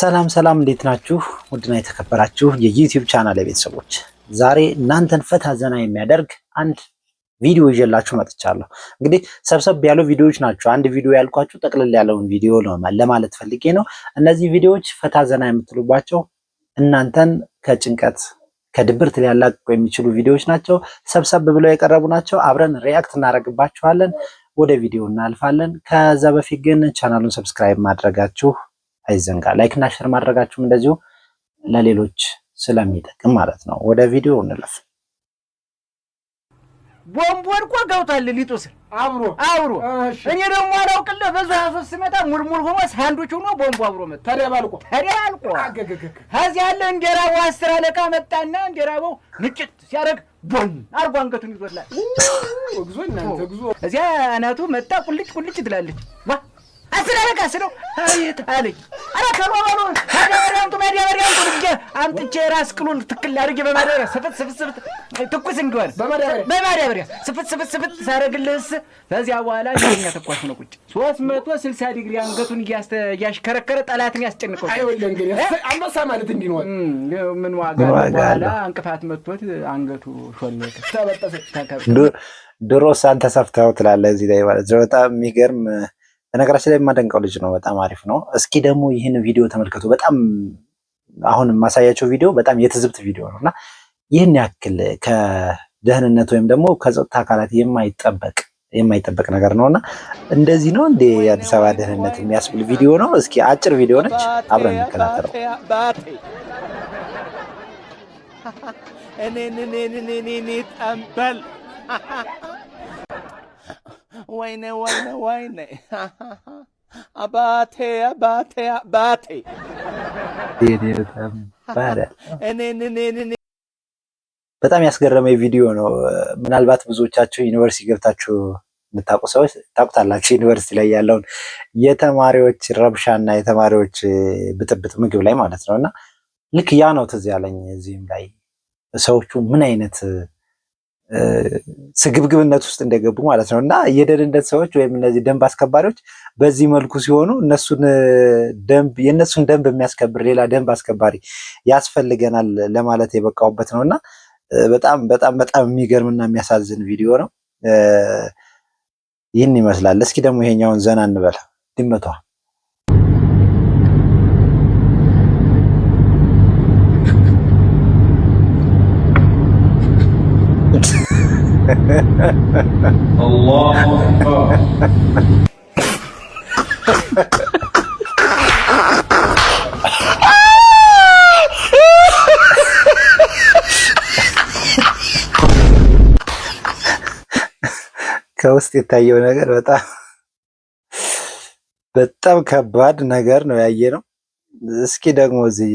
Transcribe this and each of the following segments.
ሰላም ሰላም፣ እንዴት ናችሁ? ውድና የተከበራችሁ የዩቲዩብ ቻናል ቤተሰቦች ዛሬ እናንተን ፈታ ዘና የሚያደርግ አንድ ቪዲዮ ይዤላችሁ መጥቻለሁ። እንግዲህ ሰብሰብ ያሉ ቪዲዮዎች ናቸው። አንድ ቪዲዮ ያልኳችሁ ጠቅልል ያለውን ቪዲዮ ለማለት ፈልጌ ነው። እነዚህ ቪዲዮዎች ፈታ ዘና የምትሉባቸው እናንተን ከጭንቀት ከድብርት ሊያላቅቁ የሚችሉ ቪዲዮዎች ናቸው። ሰብሰብ ብለው የቀረቡ ናቸው። አብረን ሪያክት እናደርግባችኋለን። ወደ ቪዲዮ እናልፋለን። ከዛ በፊት ግን ቻናሉን ሰብስክራይብ ማድረጋችሁ አይዘንጋ። ላይክ እና ሼር ማድረጋችሁም እንደዚሁ ለሌሎች ስለሚጠቅም ማለት ነው። ወደ ቪዲዮ እንለፍ። ቦምቦን እኮ ገብቷል ሊጡ ስር አብሮ አብሮ። እኔ ደግሞ አላውቅልህ በዛ ሶስት ስመጣ ሙልሙል ሆኖ ሳንዱች ሆኖ ቦምቦ አብሮ መጣ፣ ተደባልቆ ተደባልቆ። ከዚህ ያለ እንደራበው አስር አለቃ መጣና እንደራበው ንጭት ሲያደርግ ቦን አርጎ አንገቱን ይዞላል። እዚያ አናቱ መጣ ቁልጭ ቁልጭ ትላለች። ዋ አስር አለቃ ስለው አቤት አለኝ። ኧረ ከሮበሩ ማዳበሪያ አምጡ ማዳበሪያ አምጥቼ የራስ ቅሉን ትክል አድርጌ በማዳበሪያ ስፍት ስፍት ስፍት ትኩስ እንዲሆን በማዳበሪያ ስፍት ስፍት ስፍት ሳረግልህስ ከዚያ በኋላ እንደኛ ተኳሽ ነው ቁጭ ሶስት መቶ ስልሳ ዲግሪ አንገቱን እያሽከረከረ ጠላትን ያስጨንቀው። አንበሳ ማለት እንዲህ ምን ዋጋ በኋላ እንቅፋት መቶት አንገቱ ሾለተ ተበጠሰ። ድሮስ አንተ ሰፍተኸው ትላለህ እዚህ ላይ ማለት በጣም የሚገርም በነገራችን ላይ የማደንቀው ልጅ ነው። በጣም አሪፍ ነው። እስኪ ደግሞ ይህን ቪዲዮ ተመልከቱ። በጣም አሁን የማሳያቸው ቪዲዮ በጣም የትዝብት ቪዲዮ ነው እና ይህን ያክል ከደህንነት ወይም ደግሞ ከጸጥታ አካላት የማይጠበቅ የማይጠበቅ ነገር ነው እና እንደዚህ ነው እንደ የአዲስ አበባ ደህንነት የሚያስብል ቪዲዮ ነው። እስኪ አጭር ቪዲዮ ነች፣ አብረን እንከታተለው። ጠንበል ወይኔ ወይኔ ወይኔ አባቴ አባቴ አባቴ በጣም ያስገረመ ቪዲዮ ነው። ምናልባት ብዙዎቻችሁ ዩኒቨርሲቲ ገብታችሁ የምታውቁ ሰዎች ታውቁታላችሁ። ዩኒቨርሲቲ ላይ ያለውን የተማሪዎች ረብሻ እና የተማሪዎች ብጥብጥ ምግብ ላይ ማለት ነው እና ልክ ያ ነው ትዝ ያለኝ እዚህም ላይ ሰዎቹ ምን አይነት ስግብግብነት ውስጥ እንደገቡ ማለት ነው። እና የደህንነት ሰዎች ወይም እነዚህ ደንብ አስከባሪዎች በዚህ መልኩ ሲሆኑ እነሱን ደንብ የእነሱን ደንብ የሚያስከብር ሌላ ደንብ አስከባሪ ያስፈልገናል ለማለት የበቃውበት ነው። እና በጣም በጣም በጣም የሚገርምና የሚያሳዝን ቪዲዮ ነው። ይህን ይመስላል። እስኪ ደግሞ ይሄኛውን ዘና እንበላ ድመቷ ከውስጥ የታየው ነገር በጣም በጣም ከባድ ነገር ነው ያየ ነው። እስኪ ደግሞ እዚህ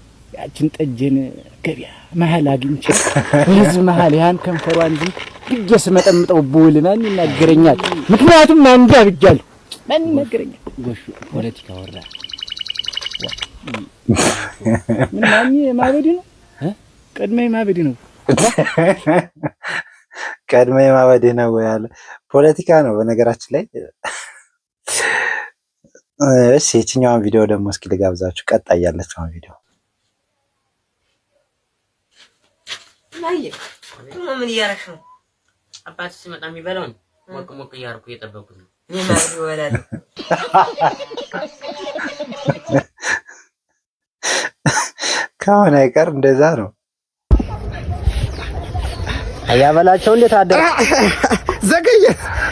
ያችን ጠጅን ገበያ መሀል አግኝቼ በህዝብ መሀል ያን ከንፈሯን ዝም ብዬ ስመጠምጠው ብውል ማን ይናገረኛል? ምክንያቱም ማን ይናገረኛል? ጎሹ ፖለቲካ ወራ ነው ቀድሜ ማበዲ ነው ነው ያለ ፖለቲካ ነው። በነገራችን ላይ እሺ፣ ቪዲዮ ደግሞ እስኪ ልጋብዛችሁ? ቀጣይ ያለችውን ቪዲዮ ምን እያደረግሽ ነው? አባት ሲመጣ የሚበላው ነው። ሞቅ ሞቅ እያደረኩ እየጠበኩት ነው። ይበላል። አይቀር እንደዛ ነው። አያበላቸው እንዴት አደረ? ዘገየ።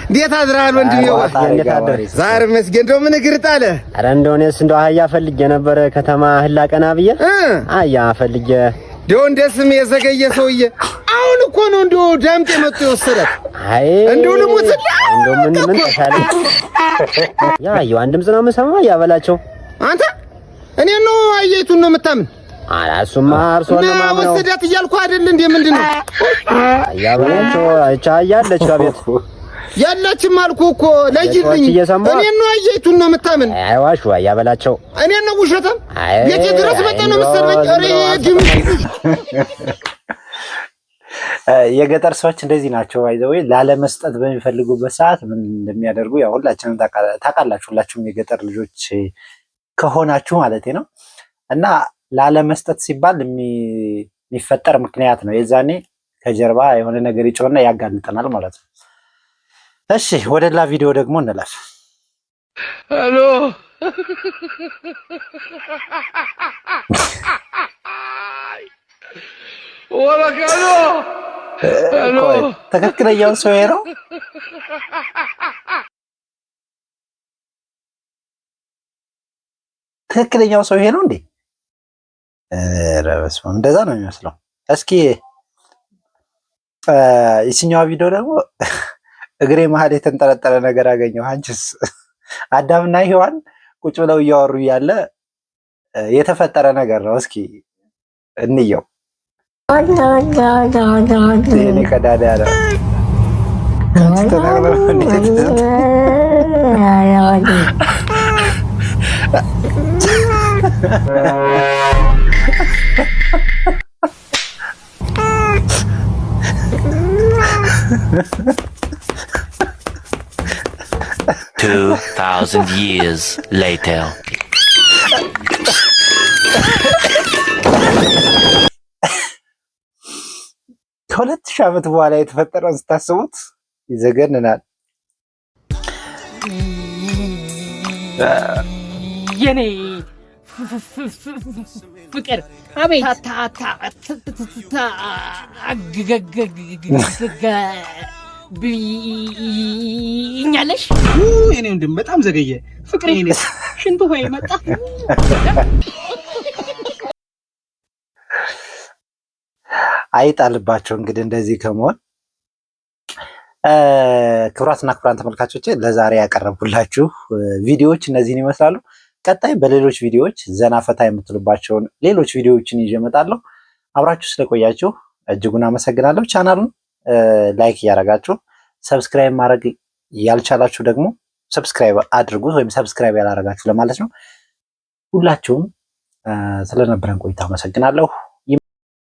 እንዴት አድረሃል ወንድሜ? እንዴት አደረ? መስገን ደው ምን እግር ጣለ? አረ እንደው እኔስ እንደው አህያ ፈልጌ ነበረ ከተማ ህላቀና ብዬ አህያ ፈልጌ ደው እንደስም የዘገየ ሰውዬ አሁን እኮ ነው እንዲሁ ዳምጤ መጥቶ የወሰዳት። አይ እንዲሁ ልሙት እንዲሁ ምን ምን ተሻለ? ያ የዋን ድምፅ ነው የምሰማው። ያበላቸው አንተ እኔ ነው አየቱን ነው የምታምን? አራሱማ አርሶ ነው ማለት ነው። ወሰዳት እያልኩ አይደል እንዴ? ምንድን ነው ያበላቸው? ቻ ያለች ከቤት ያለችም አልኩ እኮ ለይልኝ። እኔ ነው አየቱን ነው የምታምን? አይዋሽ ዋ ያበላቸው። እኔ ነው ውሸታም። የት ድረስ መጣ ነው የምትሰድበኝ? ኧረ ድምፅ የገጠር ሰዎች እንደዚህ ናቸው። ባይዘዌ ላለመስጠት በሚፈልጉበት ሰዓት ምን እንደሚያደርጉ ያው ሁላችንም ታውቃላችሁ። ሁላችሁም የገጠር ልጆች ከሆናችሁ ማለት ነው። እና ላለመስጠት ሲባል የሚፈጠር ምክንያት ነው። የዛኔ ከጀርባ የሆነ ነገር ይጮና ያጋልጠናል ማለት ነው። እሺ ወደ ሌላ ቪዲዮ ደግሞ እንለፍ። ሄሎ ወረቀ ትክክለኛውን ሰው ነው። ትክክለኛው ሰው ይሄ ነው እንዴ? ረበስ እንደዛ ነው የሚመስለው። እስኪ የትኛዋ ቪዲዮ ደግሞ እግሬ መሀል የተንጠለጠለ ነገር አገኘው አንቺስ አዳምና ሔዋን ቁጭ ብለው እያወሩ እያለ የተፈጠረ ነገር ነው። እስኪ እንየው። Hindi ka Two thousand years later. ከሁለት ሺህ ዓመት በኋላ የተፈጠረውን ስታስቡት ይዘገንናል። የኔ ፍቅር አቤት ብኛለሽ። የኔ ወንድም በጣም ዘገየ ፍቅር ሽንቱ ሆይ መጣ አይጣልባቸው። እንግዲህ እንደዚህ ከመሆን ክብራትና ክብራን ተመልካቾች ለዛሬ ያቀረብኩላችሁ ቪዲዮዎች እነዚህን ይመስላሉ። ቀጣይ በሌሎች ቪዲዮዎች ዘና ፈታ የምትሉባቸውን ሌሎች ቪዲዮዎችን ይዤ እመጣለሁ። አብራችሁ ስለቆያችሁ እጅጉን አመሰግናለሁ። ቻናሉን ላይክ እያደረጋችሁ ሰብስክራይብ ማድረግ ያልቻላችሁ ደግሞ ሰብስክራይብ አድርጉት፣ ወይም ሰብስክራይብ ያላደረጋችሁ ለማለት ነው። ሁላችሁም ስለነበረን ቆይታ አመሰግናለሁ።